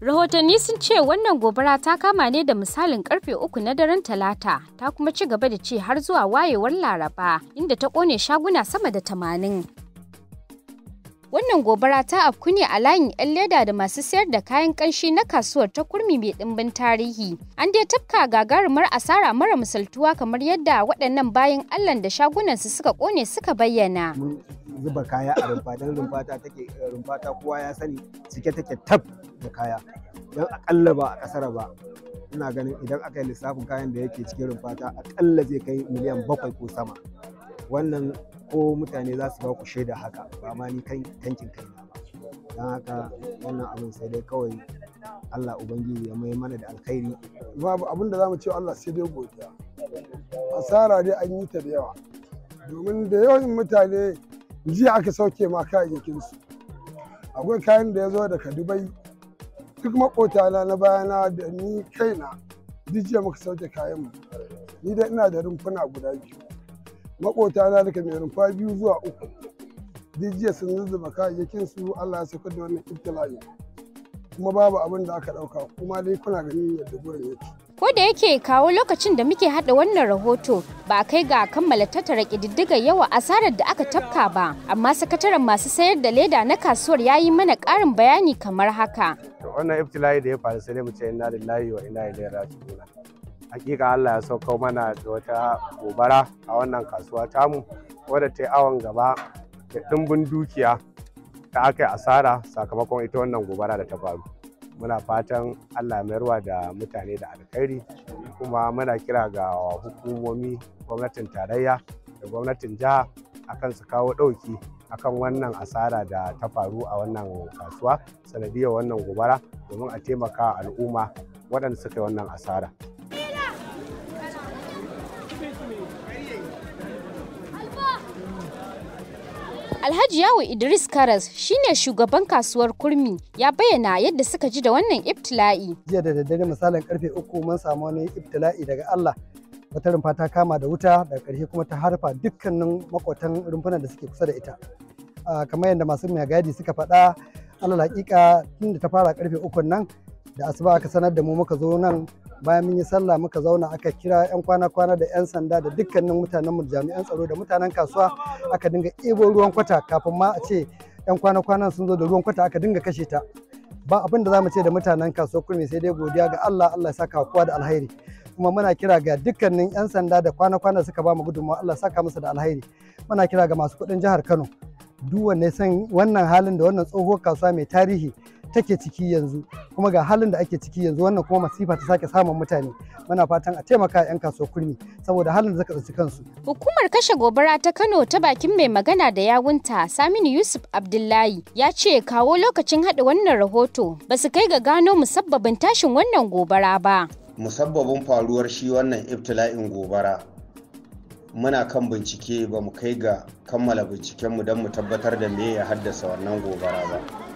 Rahotanni sun ce wannan gobara ta kama ne da misalin karfe uku na daren talata ta kuma ci gaba da ci har zuwa wayewar laraba inda ta kone shaguna sama da tamanin. Wannan gobara ta afku ne a layin 'yan leda da masu sayar da kayan kanshi na kasuwar ta kurmi mai ɗimbin tarihi. An dai tafka gagarumar asara mara misaltuwa kamar yadda waɗannan bayan Allah da shagunansu suka kone suka bayyana. Mun zuba kaya a rumfa don rumfata rumfata kowa ya sani cike take tab da kaya don akalla ba a kasar ba ina ganin idan aka yi lissafin kayan da yake cikin ta akalla zai kai miliyan bakwai ko sama wannan ko mutane za su ba ku shaida haka ba ma ni kan tankin kai na ba don haka wannan abin sai dai kawai Allah Ubangiji ya mai mana da alkhairi babu abin da za mu ce Allah sai dai godiya asara dai an yi ta da yawa domin da yawan mutane jiya aka sauke ma kayayyakinsu akwai kayan da ya zo daga Dubai duk makotana na bayana da ni kaina duk jiya muka sauke kayan mu ni dai ina da rumfuna guda biyu makotana da mai rumfa biyu zuwa uku duk jiya sun zuzzuba kayayyakin su Allah ya saukar da wannan ibtila'i kuma babu abin da aka dauka kuma dai kuna ganin yadda gurin yake ko da yake kawo lokacin da muke hada wannan rahoto ba kai ga kammala tattara ƙididdigar yawa asarar da aka tafka ba amma sakataren masu sayar da leda na kasuwar ya yi mana ƙarin bayani kamar haka wannan iftila'i da ya faru sai mu ce inna lillahi wa inna ilaihi raji'un hakika Allah ya sauko mana da wata gobara a wannan kasuwa tamu wadda ta yi awon gaba da dimbin dukiya ta aka asara sakamakon ita wannan gobara da ta faru muna fatan Allah mayarwa da mutane da alkhairi kuma muna kira ga hukumomi gwamnatin tarayya da gwamnatin jiha akan su kawo ɗauki akan wannan asara da ta faru a wannan kasuwa sanadiyar wannan gobara domin a taimaka al'umma waɗanda suka yi wannan asara. Alhaji Yawo Idris Karas shi ne shugaban kasuwar Kurmi ya bayyana yadda suka ji da wannan ibtila'i. Jiya da daddare misalin karfe uku mun samu wani ibtila'i daga Allah wata rumfa ta kama da wuta daga ƙarshe kuma ta harfa dukkanin makwatan rumfunan da suke kusa da ita kamar yadda masu mai gadi suka faɗa alal hakika tun da ta fara karfe ukun nan da asuba aka sanar da mu muka zo nan bayan mun yi sallah muka zauna aka kira yan kwana-kwana da yan sanda da dukkanin mutanen mu jami'an tsaro da mutanen kasuwa aka dinga ibo ruwan kwata kafin ma a ce yan kwana-kwanan sun zo da ruwan kwata aka dinga kashe ta ba abin da zamu ce da mutanen kasuwa kurmi sai dai godiya ga Allah Allah ya saka kowa da alheri kuma muna kira ga dukkanin 'yan sanda da kwana-kwana suka ba mu gudunmawa Allah saka musu da alhairi muna kira ga masu kuɗin jihar Kano duk wanne san wannan halin da wannan tsohuwar kasuwa mai tarihi take ciki yanzu kuma ga halin da ake ciki yanzu wannan kuma masifa ta sake samun mutane muna fatan a taimaka yan kasuwa kurmi saboda halin da suka tsinci kansu hukumar kashe gobara ta Kano ta bakin mai magana da yawunta Saminu Yusuf Abdullahi ya ce kawo lokacin haɗa wannan rahoto basu kai ga gano musabbabin tashin wannan gobara ba musabbabin faruwar shi wannan iftila'in gobara muna kan bincike ba mu kai ga kammala bincikenmu don mu tabbatar da me ya haddasa wannan gobara ba.